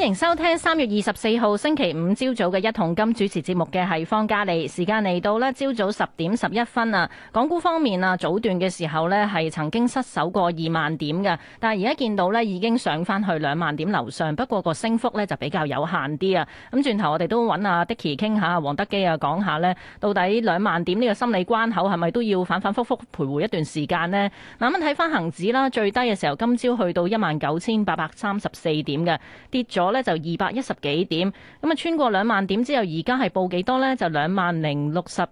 歡迎收聽三月二十四號星期五朝早嘅一桶金主持節目嘅係方嘉莉，時間嚟到咧，朝早十點十一分啊！港股方面啊，早段嘅時候呢係曾經失守過二萬點嘅，但係而家見到呢已經上翻去兩萬點樓上，不過個升幅呢就比較有限啲啊！咁轉頭我哋都揾阿 Dickie 傾下，黃德幾啊，講下呢到底兩萬點呢個心理關口係咪都要反反复覆徘徊一段時間呢？嗱，咁睇翻恒指啦，最低嘅時候今朝去到一萬九千八百三十四點嘅，跌咗。咧就二百一十幾點，咁啊穿過兩萬點之後，而家係報幾多呢？就兩萬零六十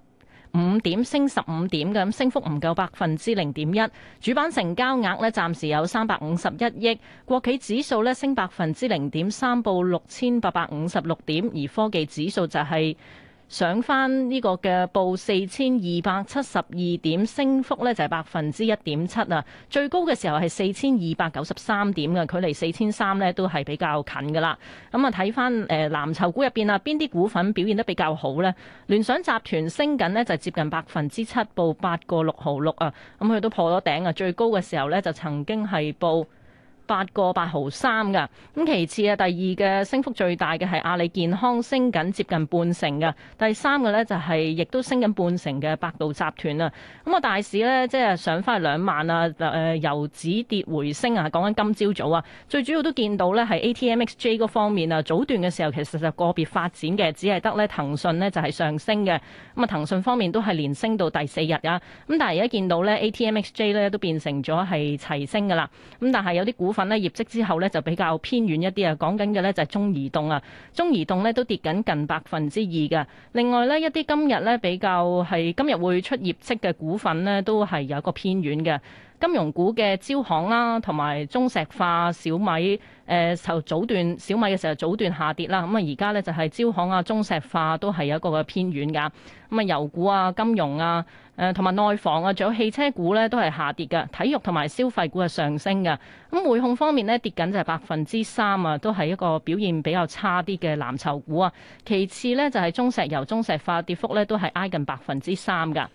五點，升十五點嘅，升幅唔夠百分之零點一。主板成交額咧暫時有三百五十一億，國企指數咧升百分之零點三，報六千八百五十六點，而科技指數就係、是。上翻呢個嘅報四千二百七十二點，升幅呢就係百分之一點七啊！最高嘅時候係四千二百九十三點啊，距離四千三呢都係比較近嘅啦。咁、嗯、啊，睇翻誒藍籌股入邊啊，邊啲股份表現得比較好呢？聯想集團升緊呢，就係、接近百分之七，報八個六毫六啊！咁佢都破咗頂啊！最高嘅時候呢，就曾經係報，八個八毫三噶，咁其次啊，第二嘅升幅最大嘅係阿里健康，升緊接近半成嘅。第三個呢，就係、是、亦都升緊半成嘅百度集團啊。咁、嗯、啊，大市呢，即係上翻兩萬啊，誒、呃、由止跌回升啊，講緊今朝早，早啊。最主要都見到呢係 ATMXJ 嗰方面啊，早段嘅時候其實就個別發展嘅，只係得呢騰訊呢就係、是、上升嘅。咁、嗯、啊，騰訊方面都係連升到第四日啊。咁但係而家見到呢 ATMXJ 呢都變成咗係齊升嘅啦。咁但係有啲股份。份咧業績之後咧，就比較偏遠一啲啊，講緊嘅咧，就係中移動啊，中移動咧都跌緊近百分之二嘅。另外咧，一啲今日咧比較係今日會出業績嘅股份咧，都係有一個偏遠嘅。金融股嘅招行啦、啊，同埋中石化小、呃、小米，誒就早段小米嘅時候早段下跌啦，咁啊而家咧就係、是、招行啊、中石化都係有一個嘅偏軟噶，咁、嗯、啊油股啊、金融啊、誒同埋內房啊，仲有汽車股咧都係下跌嘅，體育同埋消費股係上升嘅，咁、嗯、匯控方面咧跌緊就係百分之三啊，都係一個表現比較差啲嘅藍籌股啊，其次咧就係、是、中石油、中石化跌幅咧都係挨近百分之三噶。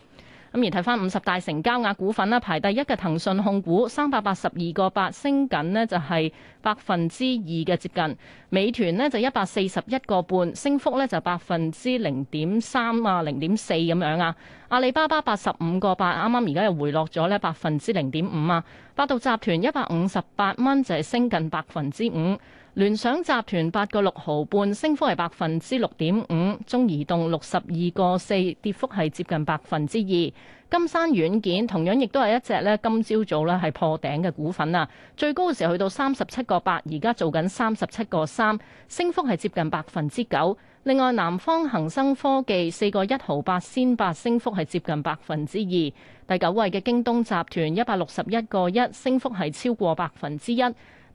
咁而睇翻五十大成交額股份啦，排第一嘅騰訊控股三百八十二個八升緊呢就係百分之二嘅接近；美團呢就一百四十一個半，升幅呢就百分之零點三啊，零點四咁樣啊。阿里巴巴八十五個八，啱啱而家又回落咗呢百分之零點五啊。百度集團一百五十八蚊就係升近百分之五。聯想集團八個六毫半，升幅係百分之六點五。中移動六十二個四，跌幅係接近百分之二。金山軟件同樣亦都係一隻咧，今朝早咧係破頂嘅股份啊！最高嘅時候去到三十七個八，而家做緊三十七個三，升幅係接近百分之九。另外，南方恒生科技四個一毫八先八，升幅係接近百分之二。第九位嘅京東集團一百六十一個一，升幅係超過百分之一。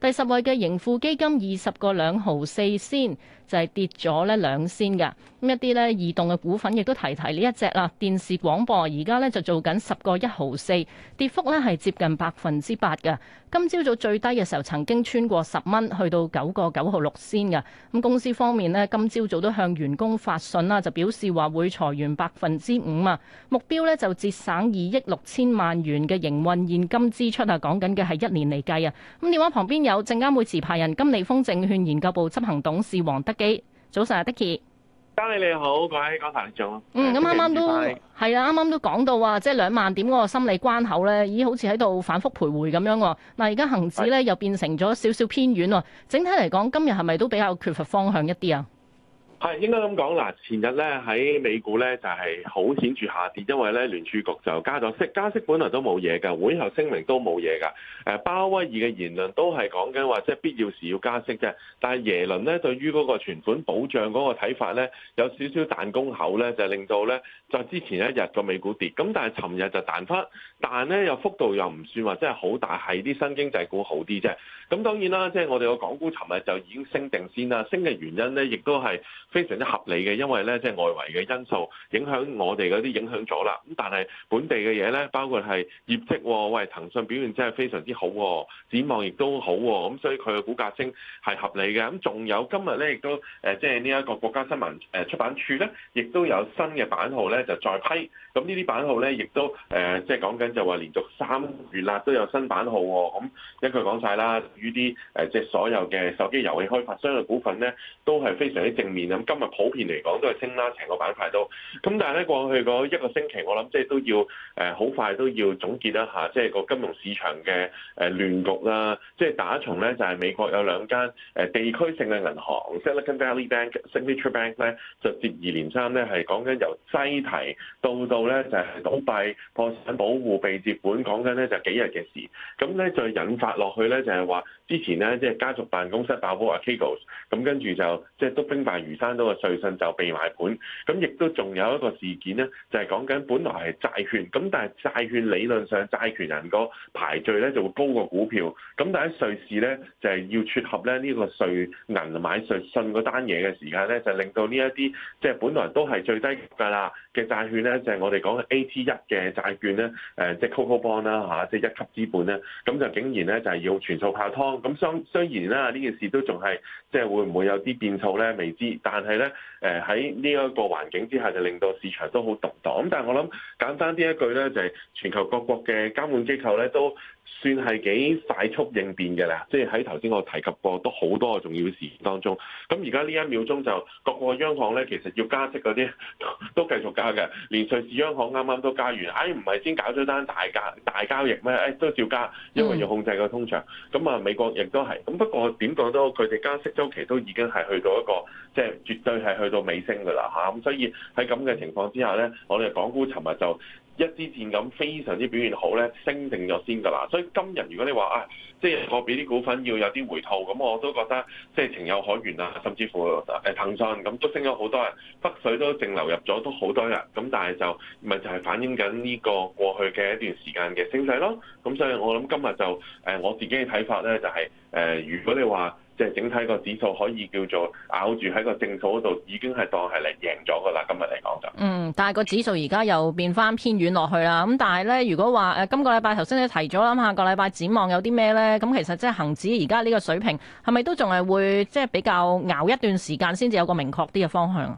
第十位嘅盈富基金二十個兩毫四仙。就係跌咗咧兩仙嘅，咁、嗯、一啲咧移動嘅股份亦都提提呢一隻啦。電視廣播而、啊、家呢就做緊十個一毫四，跌幅呢係接近百分之八嘅。今朝早最低嘅時候曾經穿過十蚊，去到九個九毫六仙嘅。咁、嗯、公司方面呢，今朝早都向員工發信啦，就表示話會裁員百分之五啊，目標呢就節省二億六千萬元嘅營運現金支出啊，講緊嘅係一年嚟計啊。咁、嗯、電話旁邊有證監會持牌人，金利豐證券研究部執行董事黃德幾。幾早晨啊，Dicky，嘉利你好，各位，江華你好。嗯，咁啱啱都係、嗯、啊，啱啱都講到啊，即係兩萬點嗰個心理關口咧，咦好似喺度反覆徘徊咁樣。嗱、啊，而家恒指咧是又變成咗少少偏遠，整體嚟講今日係咪都比較缺乏方向一啲啊？係應該咁講啦，前日咧喺美股咧就係好顯著下跌，因為咧聯儲局就加咗息，加息本來都冇嘢㗎，會後聲明都冇嘢㗎。誒，鮑威爾嘅言論都係講緊話，即係必要時要加息啫。但係耶倫咧對於嗰個存款保障嗰個睇法咧，有少少彈弓口咧，就令到咧就之前一日個美股跌，咁但係尋日就彈翻，但係咧又幅度又唔算話真係好大，係啲新經濟股好啲啫。咁當然啦，即係我哋個港股尋日就已經升定先啦，升嘅原因咧亦都係，非常之合理嘅，因為咧即係外圍嘅因素影響我哋嗰啲影響咗啦。咁但係本地嘅嘢咧，包括係業績、哦，喂騰訊表現真係非常之好、哦，展望亦都好、哦。咁所以佢嘅股價升係合理嘅。咁仲有今日咧，亦都誒即係呢一個國家新聞誒出版處咧，亦都有新嘅版號咧就再批。咁呢啲版號咧，亦都誒即係講緊就話連續三月啦都有新版號、哦，咁一句講晒啦，呢啲誒即係所有嘅手機遊戲開發商嘅股份咧，都係非常之正面啊！今日普遍嚟講都係升啦、啊，成個板塊都。咁但係咧過去嗰一個星期，我諗即係都要誒好快都要總結一下，即係個金融市場嘅誒亂局啦。即係打從咧就係美國有兩間誒地區性嘅銀行 Silicon Valley Bank、Signature Bank 咧，就接二連三咧係講緊由擠提到到咧就係倒閉、破產、保護被接管，講緊咧就幾日嘅事。咁咧就引發落去咧就係話之前咧即係家族辦公室爆煲 （Cables），咁跟住就即係都兵敗如山。翻到個瑞信就被埋盤，咁亦都仲有一個事件咧，就係講緊本來係債券，咁但係債券理論上債權人個排序咧就會高過股票，咁但喺瑞士咧就係要撮合咧呢個瑞銀買瑞信嗰單嘢嘅時間咧，就令到呢一啲即係本來都係最低㗎啦。嘅債券咧，就係我哋講 AT1 嘅債券咧，誒，即係 CoCo Bond 啦，嚇，即係一級資本咧，咁就竟然咧就係要全數泡湯。咁雖雖然啦，呢件事都仲係即係會唔會有啲變數咧，未知。但係咧，誒喺呢一個環境之下，就令到市場都好動盪。咁但係我諗簡單啲一,一句咧，就係、是、全球各國嘅監管機構咧都。算係幾快速應變嘅啦，即係喺頭先我提及過，都好多個重要事件當中，咁而家呢一秒鐘就各個央行咧，其實要加息嗰啲都繼續加嘅，連瑞士央行啱啱都加完，唉、哎，唔係先搞咗單大價大交易咩？誒、哎、都照加，因為要控制個通脹。咁啊、嗯，美國亦都係，咁不過點講都，佢哋加息周期都已經係去到一個，即、就、係、是、絕對係去到尾聲嘅啦嚇。咁所以喺咁嘅情況之下咧，我哋港股尋日就一支箭咁非常之表現好呢，升定咗先噶啦。所以今日如果你話啊，即係我俾啲股份要有啲回吐，咁我都覺得即係情有可原啊。甚至乎誒騰訊咁都升咗好多日，北水都淨流入咗都好多日。咁但係就咪就係反映緊呢個過去嘅一段時間嘅升勢咯。咁所以我諗今日就誒我自己嘅睇法呢，就係誒如果你話。即係整體個指數可以叫做咬住喺個正數嗰度，已經係當係嚟贏咗噶啦。今日嚟講就，嗯，但係個指數而家又變翻偏遠落去啦。咁但係咧，如果話誒、呃，今個禮拜頭先你提咗啦，下個禮拜展望有啲咩咧？咁其實即係恆指而家呢個水平係咪都仲係會即係、就是、比較捱一段時間先至有個明確啲嘅方向？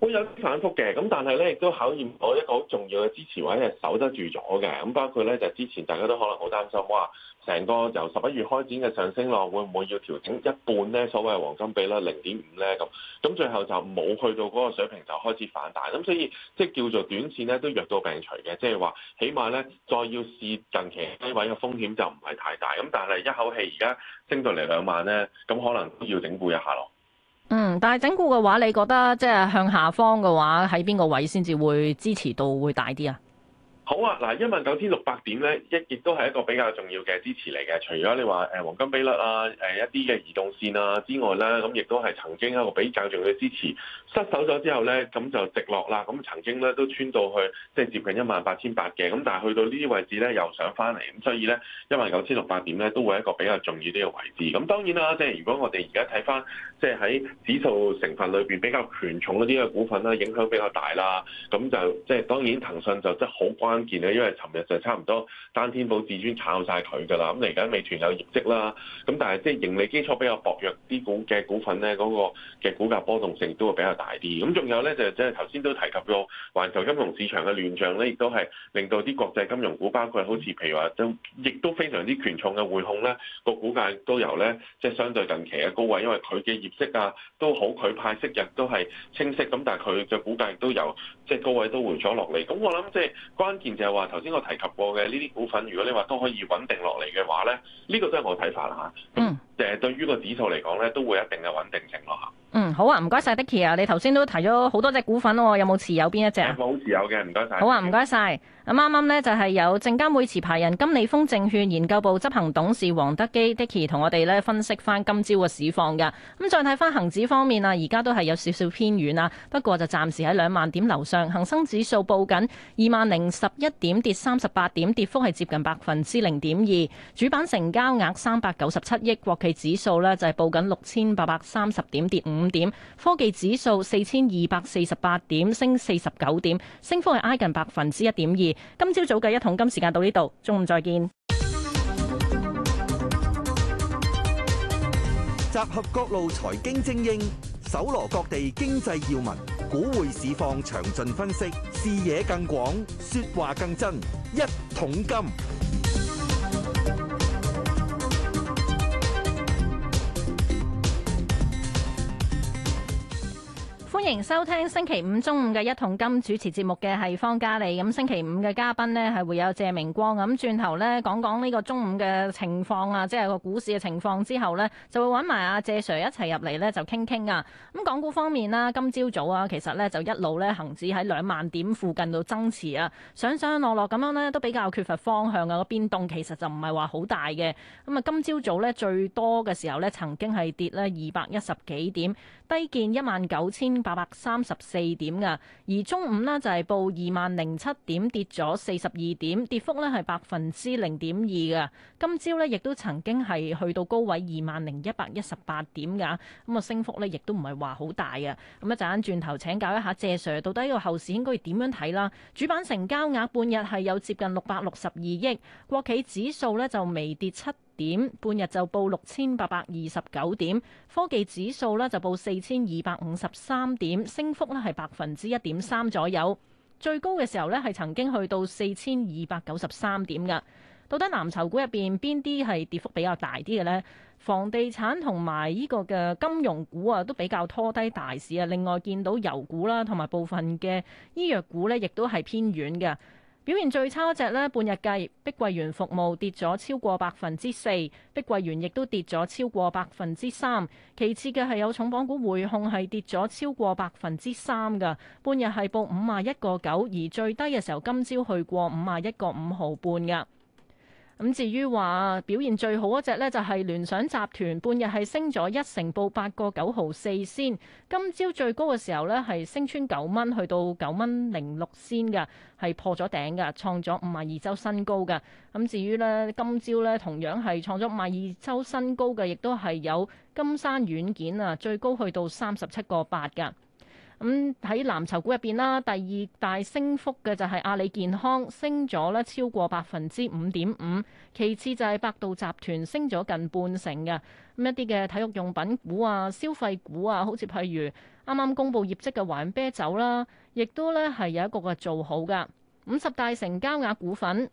會有啲反覆嘅。咁但係咧亦都考驗我一個好重要嘅支持位係守得住咗嘅。咁包括咧就是、之前大家都可能好擔心哇。成個由十一月開展嘅上升浪，會唔會要調整一半咧？所謂嘅黃金比咧，零點五咧咁，咁最後就冇去到嗰個水平就開始反彈咁，所以即係叫做短線咧都弱到病除嘅，即係話起碼咧再要試近期低位嘅風險就唔係太大咁，但係一口氣而家升到嚟兩萬咧，咁可能都要整固一下咯。嗯，但係整固嘅話，你覺得即係、就是、向下方嘅話，喺邊個位先至會支持度會大啲啊？好啊，嗱，一萬九千六百點咧，一亦都係一個比較重要嘅支持嚟嘅。除咗你話誒黃金比率啊、誒一啲嘅移動線啊之外咧，咁亦都係曾經一個比較重要嘅支持。失守咗之後咧，咁就直落啦。咁曾經咧都穿到去，即係接近一萬八千八嘅。咁但係去到呢啲位置咧，又上翻嚟。咁所以咧，一萬九千六百點咧，都會係一個比較重要啲嘅位置。咁當然啦，即係如果我哋而家睇翻，即係喺指數成分裏邊比較權重嗰啲嘅股份啦，影響比較大啦。咁就即係當然騰訊就即係好關。見咧，因為尋日就差唔多單天保至尊炒晒佢噶啦，咁嚟緊美團有業績啦，咁但係即係盈利基礎比較薄弱啲股嘅股份咧，嗰個嘅股價波動性都會比較大啲。咁仲有咧就即係頭先都提及過，環球金融市場嘅亂象咧，亦都係令到啲國際金融股，包括好似譬如話都，亦都非常之權重嘅匯控咧，個股價亦都由咧即係相對近期嘅高位，因為佢嘅業績啊都好佢派息日都係清晰，咁但係佢嘅股價亦都由即係高位都回咗落嚟。咁我諗即係關就係話，頭先我提及過嘅呢啲股份，如果你話都可以穩定落嚟嘅話咧，呢個都係我睇法啦吓嗯。誒對於個指數嚟講呢都會有一定嘅穩定性咯嗯，好啊，唔該晒 Dickie 啊，你頭先都提咗好多隻股份喎，哦，有冇持有邊一隻？冇持有嘅，唔該晒。好啊，唔該晒。咁啱啱呢，嗯、就係有證監會持牌人金利豐證券研究部執行董事黃德幾 Dickie 同我哋呢分析翻今朝嘅市況嘅。咁再睇翻恒指方面啊，而家都係有少少偏遠啊，不過就暫時喺兩萬點樓上。恒生指數報緊二萬零十一點，跌三十八點，跌幅係接近百分之零點二。主板成交額三百九十七億，國企。指數呢就係報緊六千八百三十點，跌五點。科技指數四千二百四十八點，升四十九點，升幅係挨近百分之一點二。今朝早嘅一桶金時間到呢度，中午再見。集合各路財經精英，搜羅各地經濟要聞，股匯市況詳盡分析，視野更廣，說話更真，一桶金。歡迎收聽星期五中午嘅一桶金，主持節目嘅係方嘉莉，咁星期五嘅嘉賓呢係會有謝明光，咁轉頭呢講講呢個中午嘅情況啊，即係個股市嘅情況之後呢，就會揾埋阿謝 sir 一齊入嚟呢，就傾傾啊。咁港股方面啦，今朝早啊，其實呢就一路呢行至喺兩萬點附近度爭持啊，上上落落咁樣呢都比較缺乏方向啊，個變動其實就唔係話好大嘅。咁啊，今朝早呢，最多嘅時候呢曾經係跌呢二百一十幾點，低見一萬九千。八百三十四點嘅，而中午呢就係報二萬零七點，跌咗四十二點，跌幅呢係百分之零點二嘅。今朝呢亦都曾經係去到高位二萬零一百一十八點噶，咁啊升幅呢亦都唔係話好大嘅。咁一陣間轉頭請教一下謝 Sir，到底個後市應該點樣睇啦？主板成交額半日係有接近六百六十二億，國企指數呢就微跌七點半日就報六千八百二十九點，科技指數呢就報四千二百五十三點，升幅呢係百分之一點三左右。最高嘅時候呢係曾經去到四千二百九十三點噶。到底藍籌股入邊邊啲係跌幅比較大啲嘅呢？房地產同埋呢個嘅金融股啊，都比較拖低大市啊。另外見到油股啦，同埋部分嘅醫藥股呢亦都係偏軟嘅。表現最差嗰隻呢，半日計，碧桂園服務跌咗超過百分之四，碧桂園亦都跌咗超過百分之三。其次嘅係有重磅股匯控係跌咗超過百分之三㗎，半日係報五呀一個九，而最低嘅時候今朝去過五呀一個五毫半㗎。咁至於話表現最好嗰隻呢，就係聯想集團，半日係升咗一成，報八個九毫四仙。今朝最高嘅時候呢，係升穿九蚊，去到九蚊零六仙嘅，係破咗頂嘅，創咗五十二周新高嘅。咁至於呢，今朝呢，同樣係創咗五十二周新高嘅，亦都係有金山軟件啊，最高去到三十七個八嘅。咁喺、嗯、藍籌股入邊啦，第二大升幅嘅就係阿里健康，升咗咧超過百分之五點五。其次就係百度集團，升咗近半成嘅。咁、嗯、一啲嘅體育用品股啊、消費股啊，好似譬如啱啱公布業績嘅華潤啤酒啦、啊，亦都咧係有一個嘅做好嘅。五十大成交額股份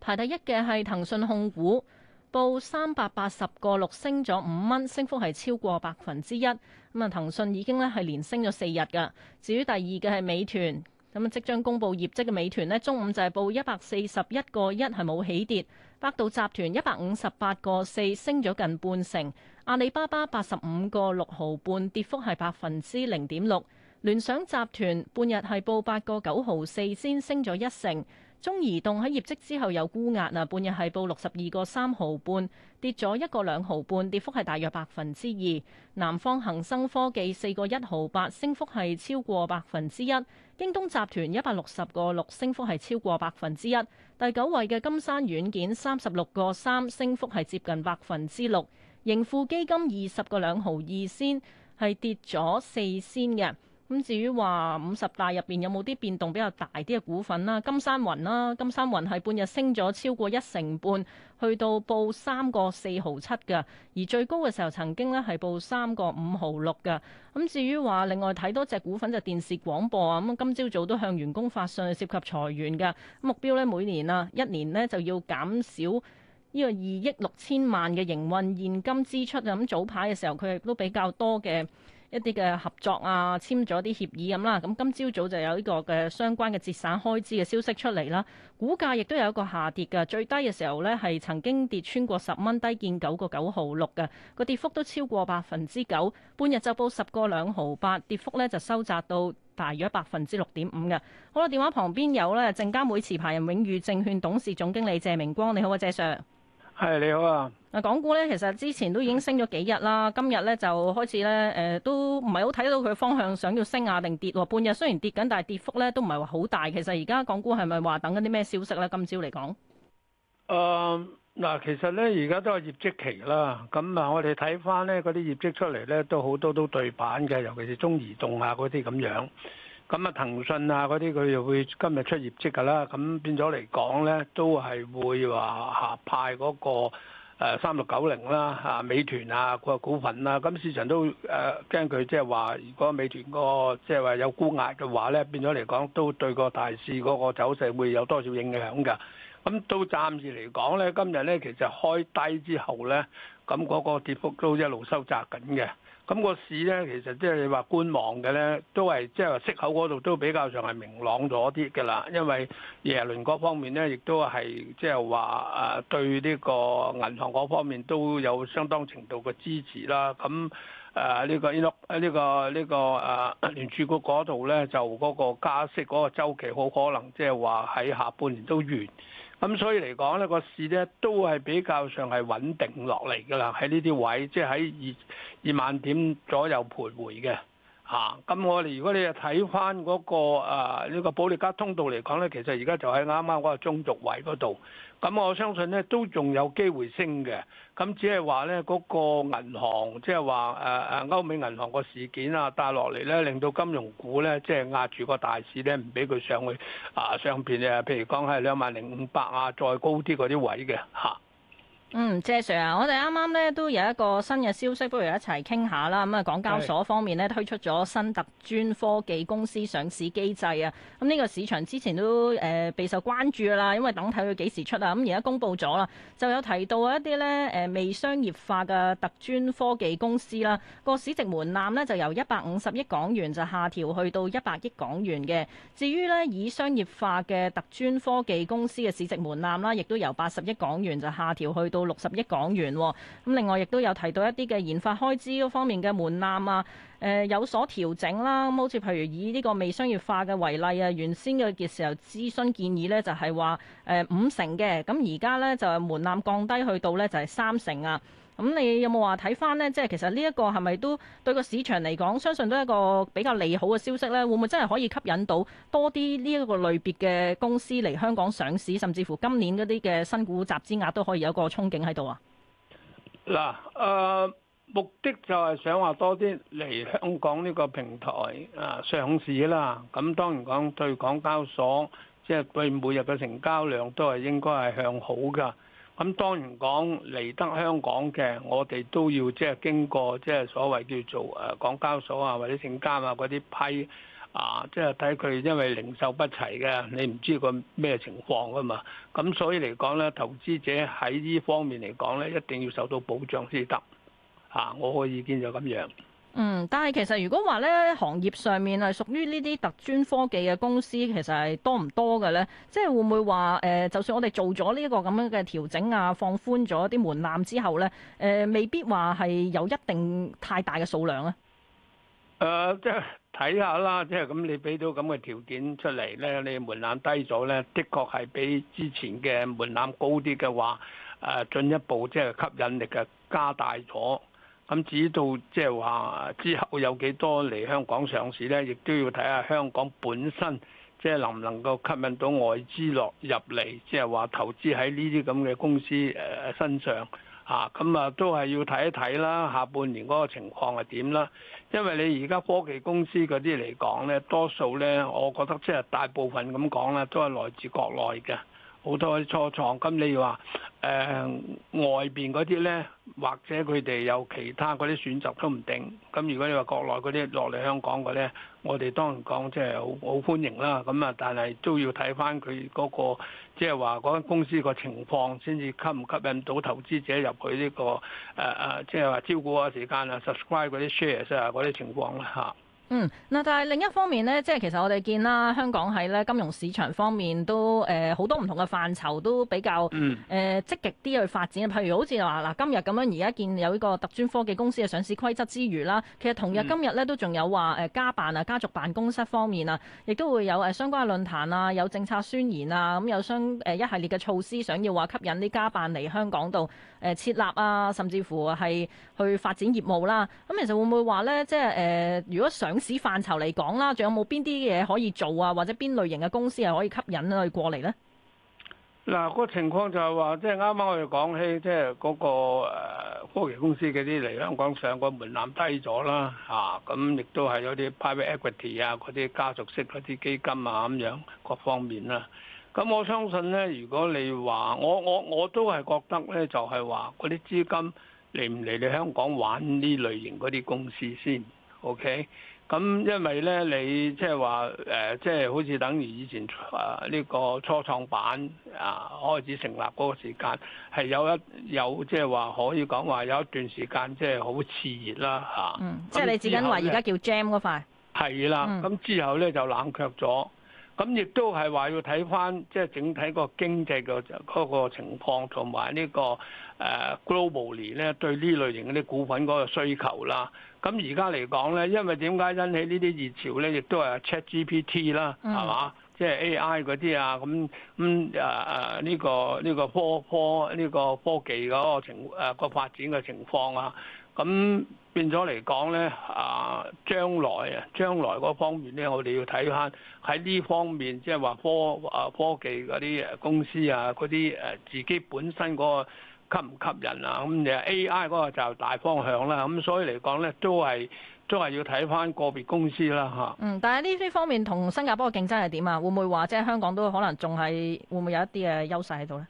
排第一嘅係騰訊控股。報三百八十個六，升咗五蚊，升幅係超過百分之一。咁啊，騰訊已經咧係連升咗四日㗎。至於第二嘅係美團，咁啊，即將公佈業績嘅美團呢，中午就係報一百四十一個一，係冇起跌。百度集團一百五十八個四，升咗近半成。阿里巴巴八十五個六毫半，跌幅係百分之零點六。聯想集團半日係報八個九毫四，先升咗一成。中移動喺業績之後有沽壓啊，半日係報六十二個三毫半，跌咗一個兩毫半，跌幅係大約百分之二。南方恒生科技四個一毫八，升幅係超過百分之一。京東集團一百六十個六，升幅係超過百分之一。第九位嘅金山軟件三十六個三，升幅係接近百分之六。盈富基金二十個兩毫二先，係跌咗四先嘅。咁至於話五十大入邊有冇啲變動比較大啲嘅股份啦？金山雲啦，金山雲係半日升咗超過一成半，去到報三個四毫七嘅，而最高嘅時候曾經呢係報三個五毫六嘅。咁至於話另外睇多隻股份就電視廣播啊，咁今朝早，早都向員工發信涉及裁員嘅目標呢，每年啊一年呢，就要減少呢個二億六千萬嘅營運現金支出。咁早排嘅時候佢亦都比較多嘅。一啲嘅合作啊，簽咗啲協議咁、啊、啦，咁、嗯、今朝早就有呢個嘅相關嘅節省開支嘅消息出嚟啦。股價亦都有一個下跌嘅，最低嘅時候呢，係曾經跌穿過十蚊，低見九個九毫六嘅，個跌幅都超過百分之九，半日就報十個兩毫八，跌幅呢就收窄到大約百分之六點五嘅。好啦，電話旁邊有咧證監會持牌人永宇證券董事總經理謝明光，你好啊，謝 Sir。係你好啊！嗱，港股咧，其實之前都已經升咗幾日啦，今日咧就開始咧，誒、呃，都唔係好睇到佢方向，想要升啊定跌喎，哦？半日雖然跌緊，但係跌幅咧都唔係話好大。其實而家港股係咪話等緊啲咩消息咧？今朝嚟講，誒、呃，嗱、呃，其實咧而家都係業績期啦。咁啊，我哋睇返咧嗰啲業績出嚟咧，都好多都對版嘅，尤其是中移動啊嗰啲咁樣。咁啊，騰訊啊嗰啲佢又會今日出業績㗎啦，咁變咗嚟講咧，都係會話下派嗰個三六九零啦，嚇美團啊個股份啦、啊，咁市場都誒驚佢即係話，如果美團個即係話有沽壓嘅話咧，變咗嚟講都對個大市嗰個走勢會有多少影響㗎？咁到暫時嚟講咧，今日咧其實開低之後咧，咁嗰個跌幅都一路收窄緊嘅。咁個市咧，其實即係你話觀望嘅咧，都係即係話息口嗰度都比較上係明朗咗啲嘅啦。因為耶倫嗰方面咧，亦都係即係話誒對呢個銀行嗰方面都有相當程度嘅支持啦。咁誒、這個這個這個啊、呢個呢個呢個誒聯儲局嗰度咧，就嗰個加息嗰個週期好可能即係話喺下半年都完。咁所以嚟講，呢個市呢都係比較上係穩定落嚟噶啦，喺呢啲位，即係喺二二萬點左右徘徊嘅嚇。咁、啊、我哋如果你又睇翻嗰個呢、啊這個保利加通道嚟講呢，其實而家就喺啱啱嗰個中軸位嗰度。咁我相信咧都仲有機會升嘅，咁只係話咧嗰個銀行即係話誒誒歐美銀行個事件啊帶落嚟咧，令到金融股咧即係壓住個大市咧，唔俾佢上去啊上邊咧，譬如講係兩萬零五百啊，再高啲嗰啲位嘅嚇。啊嗯，謝 sir 啊，我哋啱啱咧都有一個新嘅消息，不如一齊傾下啦。咁、嗯、啊，港交所方面呢推出咗新特專科技公司上市機制啊。咁、嗯、呢、這個市場之前都誒備、呃、受關注啦，因為等睇佢幾時出啊。咁而家公布咗啦，就有提到一啲呢誒、呃、未商業化嘅特專科技公司啦。個市值門檻呢就由一百五十億港元就下調去到一百億港元嘅。至於呢，已商業化嘅特專科技公司嘅市值門檻啦，亦都由八十億港元就下調去到。六十億港元喎，咁另外亦都有提到一啲嘅研發開支嗰方面嘅門檻啊，誒、呃、有所調整啦。咁、嗯、好似譬如以呢個未商業化嘅為例啊，原先嘅時候諮詢建議呢就係話誒五成嘅，咁而家呢，就係門檻降低去到呢就係、是、三成啊。咁你有冇話睇翻呢？即係其實呢一個係咪都對個市場嚟講，相信都係一個比較利好嘅消息呢？會唔會真係可以吸引到多啲呢一個類別嘅公司嚟香港上市，甚至乎今年嗰啲嘅新股集資額都可以有個憧憬喺度啊？嗱、呃，誒目的就係想話多啲嚟香港呢個平台啊上市啦。咁當然講對港交所，即係對每日嘅成交量都係應該係向好噶。咁當然講嚟得香港嘅，我哋都要即係經過即係所謂叫做誒港交所啊或者證監啊嗰啲批啊，即係睇佢因為零售不齊嘅，你唔知佢咩情況啊嘛。咁所以嚟講咧，投資者喺呢方面嚟講咧，一定要受到保障先得。啊，我個意見就咁樣。嗯，但係其實如果話咧，行業上面係屬於呢啲特專科技嘅公司，其實係多唔多嘅咧？即係會唔會話誒、呃，就算我哋做咗呢一個咁樣嘅調整啊，放寬咗啲門檻之後咧，誒、呃，未必話係有一定太大嘅數量啊？誒、呃，即係睇下啦，即係咁你俾到咁嘅條件出嚟，咧，你門檻低咗咧，的確係比之前嘅門檻高啲嘅話，誒、呃，進一步即係吸引力嘅加大咗。咁至於到即係話之後有幾多嚟香港上市咧，亦都要睇下香港本身即係能唔能夠吸引到外資落入嚟，即係話投資喺呢啲咁嘅公司誒身上嚇。咁啊、嗯、都係要睇一睇啦，下半年嗰個情況係點啦？因為你而家科技公司嗰啲嚟講咧，多數咧，我覺得即係大部分咁講咧，都係來自國內嘅。好多初創，咁你話誒、呃、外邊嗰啲咧，或者佢哋有其他嗰啲選擇都唔定。咁如果你話國內嗰啲落嚟香港嘅咧，我哋當然講即係好好歡迎啦。咁啊，但係都要睇翻佢嗰個即係話嗰間公司個情況，先至吸唔吸引到投資者入去呢、這個誒誒，即係話招股嘅時間啊，subscribe 嗰啲 share 啊嗰啲情況啦嚇。嗯，嗱，但係另一方面咧，即係其實我哋見啦，香港喺咧金融市場方面都誒好、呃、多唔同嘅範疇都比較誒積極啲去發展，譬如好似話嗱今日咁樣，而家見有呢個特專科技公司嘅上市規則之餘啦，其實同日、嗯、今日咧都仲有話誒家辦啊，家族辦公室方面啊，亦都會有誒相關嘅論壇啊，有政策宣言啊，咁、嗯、有相誒、呃、一系列嘅措施，想要話吸引啲家辦嚟香港度誒、呃、設立啊，甚至乎係去發展業務啦。咁其實會唔會話咧，即係誒、呃、如果想？市範疇嚟講啦，仲有冇邊啲嘢可以做啊？或者邊類型嘅公司係可以吸引去過嚟呢？嗱，個情況就係話，即係啱啱我哋講起，即係嗰個、呃、科技公司嗰啲嚟香港上嘅門檻低咗啦，嚇咁亦都係有啲 private equity 啊，嗰啲家族式嗰啲基金啊咁樣各方面啦、啊。咁我相信呢，如果你話我，我我都係覺得呢，就係話嗰啲資金嚟唔嚟你香港玩呢類型嗰啲公司先，OK？咁因為咧，你即係話誒，即係好似等於以前啊，呢個初創板啊開始成立嗰個時間，係有一有即係話可以講話有一段時間即係好熾熱啦嚇。即係你至緊話而家叫 GEM 嗰塊。係啦，咁、嗯、之後咧就冷卻咗。咁亦都係話要睇翻即係整體個經濟嘅嗰個情況同埋呢個。誒、uh, globally 咧對呢類型嗰啲股份嗰個需求啦，咁而家嚟講咧，因為點解引起呢啲熱潮咧，亦都係 ChatGPT 啦，係嘛，mm. 即係 AI 嗰啲啊，咁咁誒誒呢個呢、這個科科呢、這個科技嗰個情誒、啊、個發展嘅情況啊，咁變咗嚟講咧啊，將來啊將來嗰方面咧，我哋要睇翻喺呢方面，即係話科啊科技嗰啲誒公司啊，嗰啲誒自己本身嗰、那個。吸唔吸引啊？咁你 A.I. 嗰個就大方向啦。咁所以嚟講咧，都係都係要睇翻個別公司啦。嚇，嗯，但係呢啲方面同新加坡嘅競爭係點啊？會唔會話即係香港都可能仲係會唔會有一啲嘅優勢喺度咧？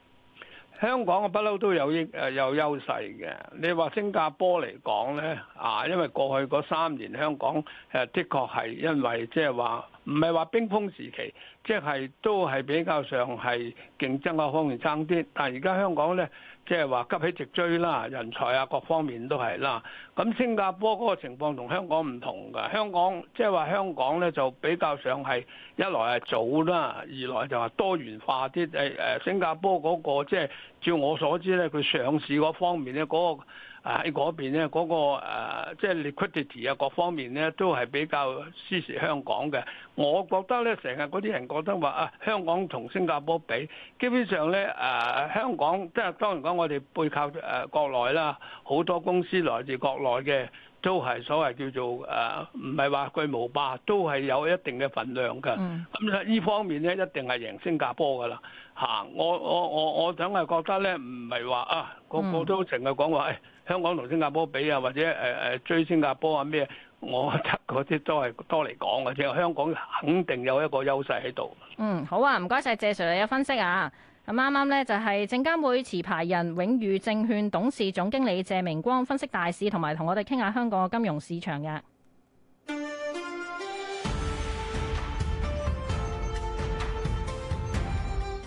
香港嘅不嬲都有優誒有優勢嘅。你話新加坡嚟講咧啊，因為過去嗰三年香港誒的確係因為即係話唔係話冰封時期，即係都係比較上係競爭嘅方面差啲。但係而家香港咧。即係話急起直追啦，人才啊各方面都係啦。咁新加坡嗰個情況同香港唔同㗎。香港即係話香港咧就比較上係一來係早啦，二來就話多元化啲誒誒。新加坡嗰個即係。照我所知咧，佢上市嗰方面咧，嗰、嗰個喺嗰邊咧，嗰、嗰個即係、呃就是、liquidity 啊，各方面咧都係比較支持香港嘅。我覺得咧，成日嗰啲人覺得話啊，香港同新加坡比，基本上咧誒、呃，香港即係當然講我哋背靠誒國內啦，好多公司來自國內嘅。都係所謂叫做誒，唔係話巨無霸，都係有一定嘅份量嘅。咁呢、嗯、方面咧，一定係贏新加坡噶啦。行、啊，我我我我梗係覺得咧，唔係話啊個個都成日講話誒香港同新加坡比啊，或者誒誒、呃、追新加坡啊咩？我覺得嗰啲都係多嚟講嘅，即係香港肯定有一個優勢喺度。嗯，好啊，唔該晒，謝 Sir 你嘅分析啊！咁啱啱咧就係證監會持牌人永裕證券董事總經理謝明光分析大市，同埋同我哋傾下香港金融市場嘅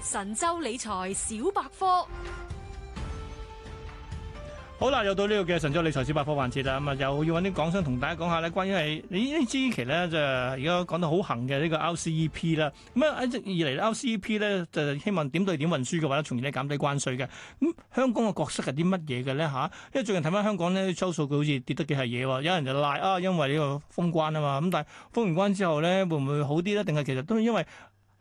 神州理財小百科。好啦，又到呢、這個嘅神州理財小百科環節啦，咁啊又要揾啲港商同大家講下咧，關於係你呢支期咧就而家講到好行嘅呢、這個 RCEP 啦，咁啊一直以嚟 RCEP 咧就希望點對點運輸嘅話咧，從而咧減低關稅嘅，咁、嗯、香港嘅角色係啲乜嘢嘅咧吓？因為最近睇翻香港咧收數據好似跌得幾係嘢喎，有人就賴啊，因為呢個封關啊嘛，咁但係封完關之後咧會唔會好啲咧？定係其實都因為？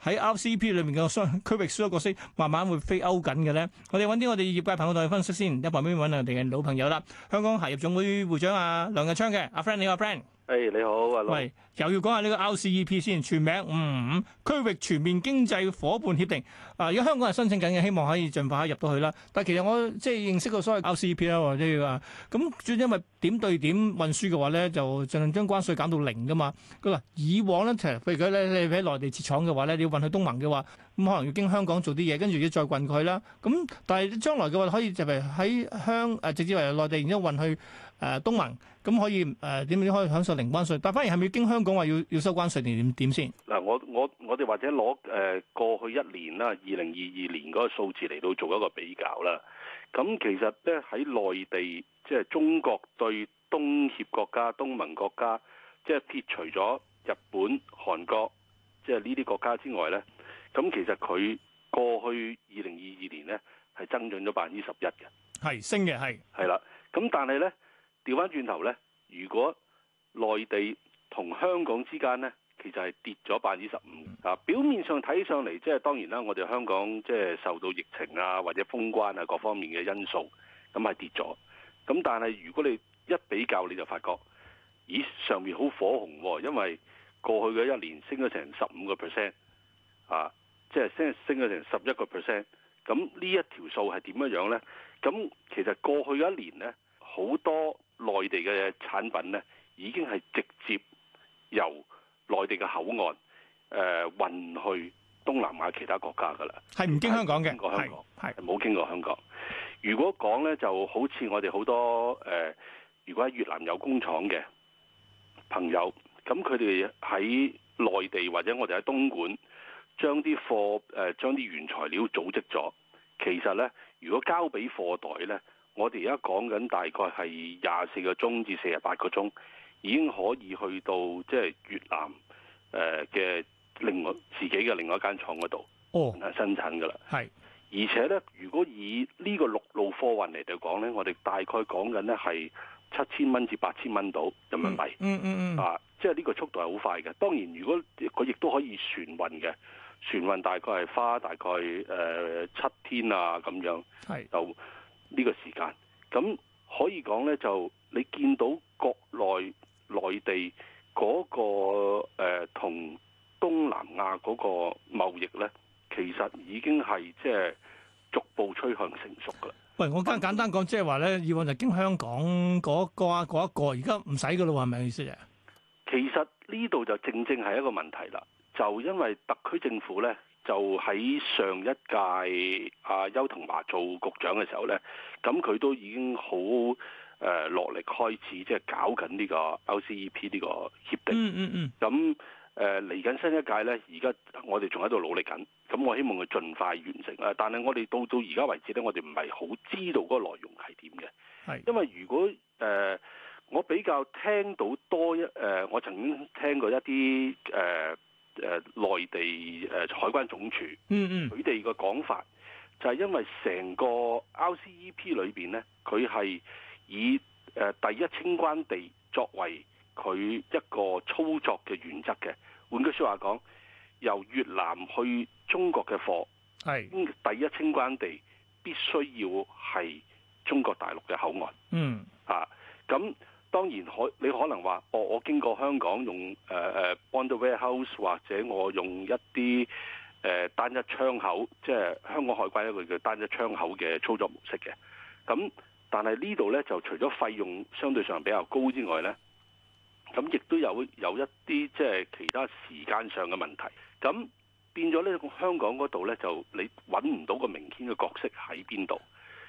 喺 RCEP 裏面嘅商區域所有角色慢慢會飛歐緊嘅咧，我哋揾啲我哋業界朋友同嚟分析先。一旁邊揾我哋嘅老朋友啦，香港鞋業總會會長阿梁日昌嘅，阿 friend 你啊 friend。誒、 哎，你好，哦、喂，又要講下呢個 RCEP 先，全名五嗯，區域全面經濟伙伴協定。啊、呃，而家香港人申請緊嘅，希望可以盡快入到去啦。但係其實我即係認識過所謂 RCEP 啦，或者啊，咁主要因為點對點運輸嘅話咧，就盡量將關稅減到零噶嘛。佢、就、話、是、以往咧，譬如佢咧，你喺內地設廠嘅話咧，你要運去東盟嘅話，咁可能要經香港做啲嘢，跟住要再運佢啦。咁、啊、但係將來嘅話，可以就係喺香誒直接由內地然之後運去誒、呃、東盟。咁可以誒點樣可以享受零關稅，但反而係咪要經香港話要要收關稅定點點先？嗱，我我我哋或者攞誒過去一年啦，二零二二年嗰個數字嚟到做一個比較啦。咁其實咧喺內地，即係中國對東協國家、東盟國家，即係撇除咗日本、韓國，即係呢啲國家之外咧，咁其實佢過去二零二二年咧係增長咗百分之十一嘅，係升嘅，係係啦。咁但係咧。掉返轉頭呢，如果內地同香港之間呢，其實係跌咗百分之十五。啊，表面上睇上嚟，即係當然啦，我哋香港即係受到疫情啊或者封關啊各方面嘅因素，咁係跌咗。咁但係如果你一比較，你就發覺咦上面好火紅，啊，因為過去嘅一年升咗成十五個 percent，啊，即係升升咗成十一個 percent。咁呢一條數係點樣樣呢？咁其實過去一年呢。好多內地嘅產品呢，已經係直接由內地嘅口岸誒、呃、運去東南亞其他國家㗎啦，係唔經香港嘅，經過香港係冇經過香港。如果講呢，就好似我哋好多誒、呃，如果喺越南有工廠嘅朋友，咁佢哋喺內地或者我哋喺東莞將啲貨誒，將、呃、啲原材料組織咗，其實呢，如果交俾貨代呢。我哋而家講緊大概係廿四個鐘至四十八個鐘，已經可以去到即係越南誒嘅、呃、另外自己嘅另外一間廠嗰度哦生產㗎啦。係是而且咧，如果以個陸呢個陸路貨運嚟講咧，我哋大概講緊咧係七千蚊至八千蚊到人民幣、嗯。嗯嗯嗯啊，即係呢個速度係好快嘅。當然，如果佢亦都可以船運嘅，船運大概係花大概誒七、呃、天啊咁樣。係是就。呢個時間，咁可以講咧，就你見到國內內地嗰個誒同東南亞嗰個貿易咧，其實已經係即係逐步趨向成熟噶啦。喂，我而家簡單講，但即係話咧，以往就經香港嗰個啊嗰一個而家唔使噶咯，係咪意思啊？其實呢度就正正係一個問題啦，就因為特區政府咧。就喺上一屆阿、啊、邱騰華做局長嘅時候呢，咁佢都已經好誒落力開始，即、就、係、是、搞緊呢個 RCEP 呢個協定。嗯嗯咁誒嚟緊新一屆呢，而家我哋仲喺度努力緊。咁我希望佢盡快完成啊！但係我哋到到而家為止呢，我哋唔係好知道嗰個內容係點嘅。係的。因為如果誒、呃，我比較聽到多一誒、呃，我曾經聽過一啲誒。呃誒內地誒海關總署，嗯嗯，佢哋個講法就係因為成個 RCEP 裏邊呢，佢係以誒第一清關地作為佢一個操作嘅原則嘅。換句説話講，由越南去中國嘅貨，係是第一清關地必須要係中國大陸嘅口岸，嗯啊咁。當然可，你可能話：我、哦、我經過香港用誒誒、呃、under warehouse，或者我用一啲誒、呃、單一窗口，即係香港海關一個叫單一窗口嘅操作模式嘅。咁但係呢度咧就除咗費用相對上比較高之外咧，咁亦都有有一啲即係其他時間上嘅問題。咁變咗呢個香港嗰度咧就你揾唔到個明顯嘅角色喺邊度？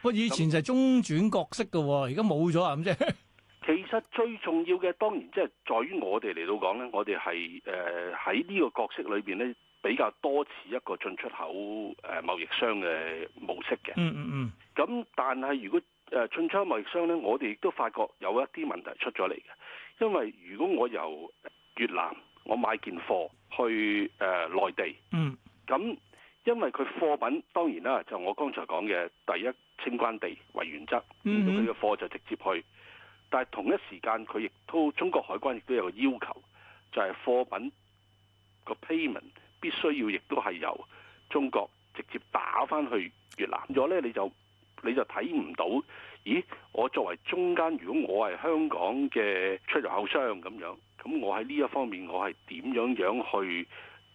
我以前就係中轉角色嘅，而家冇咗啊咁啫。 其實最重要嘅，當然即係在於我哋嚟到講呢，我哋係誒喺呢個角色裏邊呢，比較多似一個進出口誒、呃、貿易商嘅模式嘅。嗯嗯嗯。咁、hmm. 但係如果誒、呃、進出口貿易商呢，我哋亦都發覺有一啲問題出咗嚟嘅，因為如果我由越南我買件貨去誒、呃、內地，嗯、mm，咁、hmm. 因為佢貨品當然啦，就我剛才講嘅第一清關地為原則，咁佢嘅貨就直接去。但係同一時間，佢亦都中國海關亦都有個要求，就係、是、貨品個 payment 必須要亦都係由中國直接打返去越南咗呢，你就你就睇唔到，咦？我作為中間，如果我係香港嘅出口商咁樣，咁我喺呢一方面，我係點樣樣去？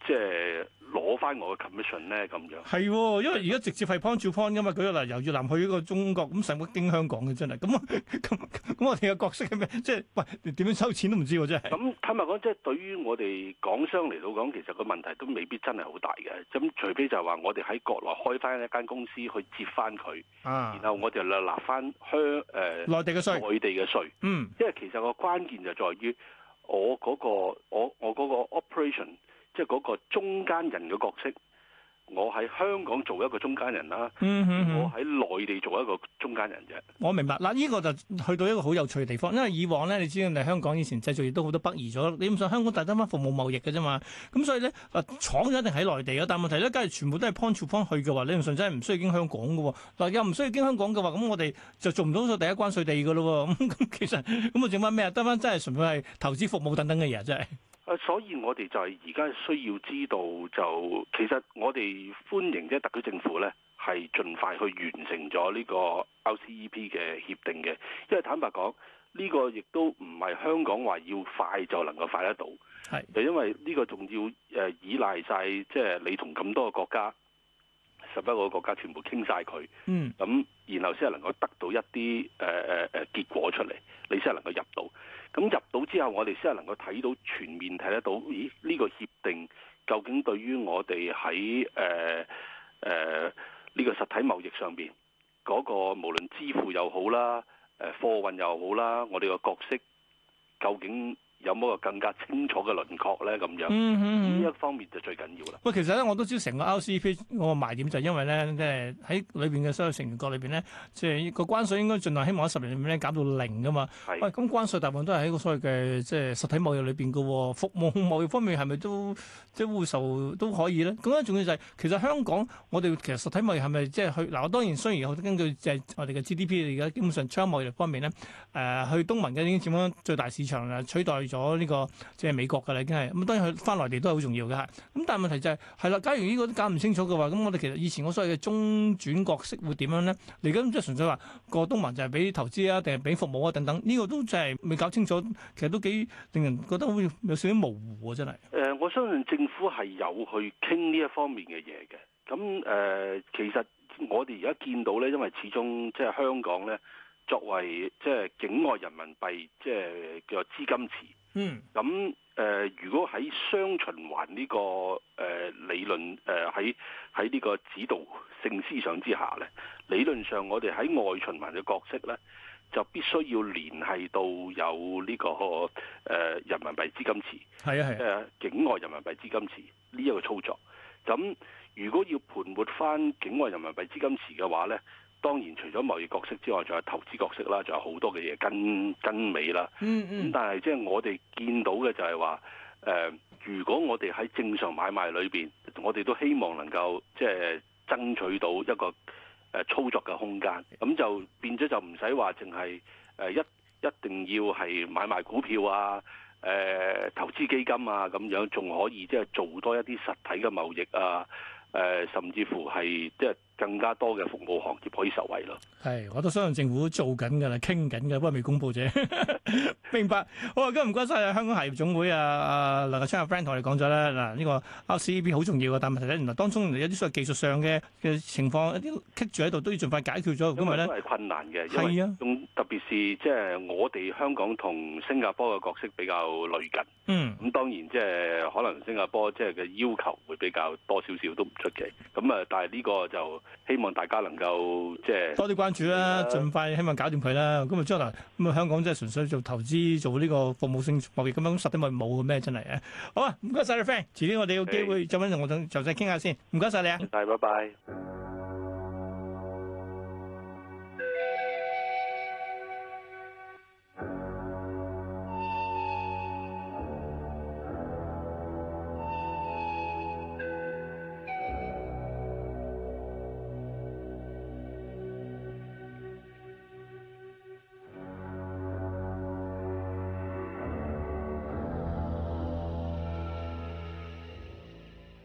即係攞翻我嘅 commission 咧，咁樣係，因為而家直接係 point to point 噶嘛。佢嗱由越南去一個中國咁，使乜經香港嘅真係咁咁咁，我哋嘅角色係咩？即係喂點樣收錢都唔知喎、啊，真係咁坦白講，即、就、係、是、對於我哋港商嚟到講，其實個問題都未必真係好大嘅。咁除非就係話我哋喺國內開翻一間公司去接翻佢，啊、然後我哋就立翻香誒內地嘅稅內地嘅稅。嗯，因為其實個關鍵就在於我嗰、嗰個、我、嗰個、我嗰個 operation。即係嗰個中間人嘅角色，我喺香港做一個中間人啦。嗯嗯、我喺內地做一個中間人啫。我明白。嗱，呢個就去到一個好有趣嘅地方，因為以往咧，你知我哋香港以前製造業都好多北移咗。你唔信？香港大得翻服務貿易嘅啫嘛。咁所以咧，誒，廠一定喺內地啊。但係問題咧，梗係全部都係 point to point 去嘅話，你唔純粹唔需要經香港嘅。嗱，又唔需要經香港嘅話，咁我哋就做唔到第一關稅地嘅咯。咁咁，其實咁我整翻咩啊？得翻真係純粹係投資服務等等嘅嘢，啊，真係。啊，所以我哋就係而家需要知道就，就其實我哋歡迎啫，就是、特區政府呢係盡快去完成咗呢個 RCEP 嘅協定嘅，因為坦白講，呢、這個亦都唔係香港話要快就能夠快得到，係是，就因為呢個仲要誒依賴晒，即、就、係、是、你同咁多個國家，十一個國家全部傾晒佢，嗯，咁然後先係能夠得到一啲誒誒誒結果出嚟，你先係能夠入到。咁入到之後，我哋先係能夠睇到全面睇得到，咦？呢個協定究竟對於我哋喺誒誒呢個實體貿易上邊嗰個無論支付又好啦，誒貨運又好啦，我哋個角色究竟，有冇個更加清楚嘅輪廓咧？咁樣呢一方面就最緊要啦。喂，其實咧我都知成個 RCEP 個賣點就係因為咧，即係喺裏邊嘅所有成員國裏邊咧，即係個關稅應該盡量希望喺十年入面咧減到零噶嘛。喂，咁關稅大部分都係喺個所謂嘅即係實體貿易裏邊噶喎，服務貿易方面係咪都即係會受都可以咧？咁樣重要就係其實香港我哋其實實體貿易係咪即係去嗱？我當然雖然根據即係我哋嘅 GDP 而家基本上商貿業方面咧，誒去東盟嘅已經佔咗最大市場啦，取代。咗呢個即係美國嘅啦，已經係咁。當然佢翻內地都係好重要嘅嚇。咁但係問題就係係啦，假如呢個都搞唔清楚嘅話，咁我哋其實以前我所謂嘅中轉角色會點樣咧？嚟緊即係純粹話過東盟就係俾投資啊，定係俾服務啊等等？呢、這個都即係未搞清楚，其實都幾令人覺得好似有少少模糊喎、啊，真係。誒、呃，我相信政府係有去傾呢一方面嘅嘢嘅。咁誒、呃，其實我哋而家見到咧，因為始終即係香港咧，作為即係境外人民幣即係、就是、叫做資金池。嗯，咁誒，如果喺雙循環呢、這個誒、呃、理論誒喺喺呢個指導性思想之下咧，理論上我哋喺外循環嘅角色咧，就必須要聯繫到有呢、這個誒、呃、人民幣資金池，係啊係誒、呃、境外人民幣資金池呢一個操作。咁、嗯、如果要盤活翻境外人民幣資金池嘅話咧。當然，除咗貿易角色之外，仲有投資角色啦，仲有好多嘅嘢跟跟尾啦。咁、嗯嗯、但係即係我哋見到嘅就係話，誒、呃、如果我哋喺正常買賣裏邊，我哋都希望能夠即係爭取到一個誒操作嘅空間。咁就變咗就唔使話淨係誒一一定要係買賣股票啊、誒、呃、投資基金啊咁樣，仲可以即係做多一啲實體嘅貿易啊、誒、呃、甚至乎係即係。更加多嘅服務行業可以受惠咯，係，我都相信政府做緊㗎啦，傾緊㗎，不過未公布啫。 明白，好啊，今日唔該曬，香港鞋業總會啊啊，能夠親日 friend 同我哋講咗啦。嗱、啊，呢、呢個 RCEP 好重要嘅，但係問題咧，原來當中有啲所謂技術上嘅嘅情況，一啲棘住喺度，都要盡快解決咗。因為咧都係困難嘅，係啊，因為特別是即係我哋香港同新加坡嘅角色比較類近。嗯，咁當然即係可能新加坡即係嘅要求會比較多少少都唔出奇。咁啊，但係呢個就希望大家能夠即係、就是、多啲關注啦，啊、盡快希望搞掂佢啦。咁啊，將來咁啊，香港即係純粹做投資做呢個服務性貿易咁樣，實啲咪冇嘅咩真係啊！好啊，唔該晒你，friend。遲啲我哋有機會的再揾同我等詳細傾下先。唔該晒你啊，係，拜拜。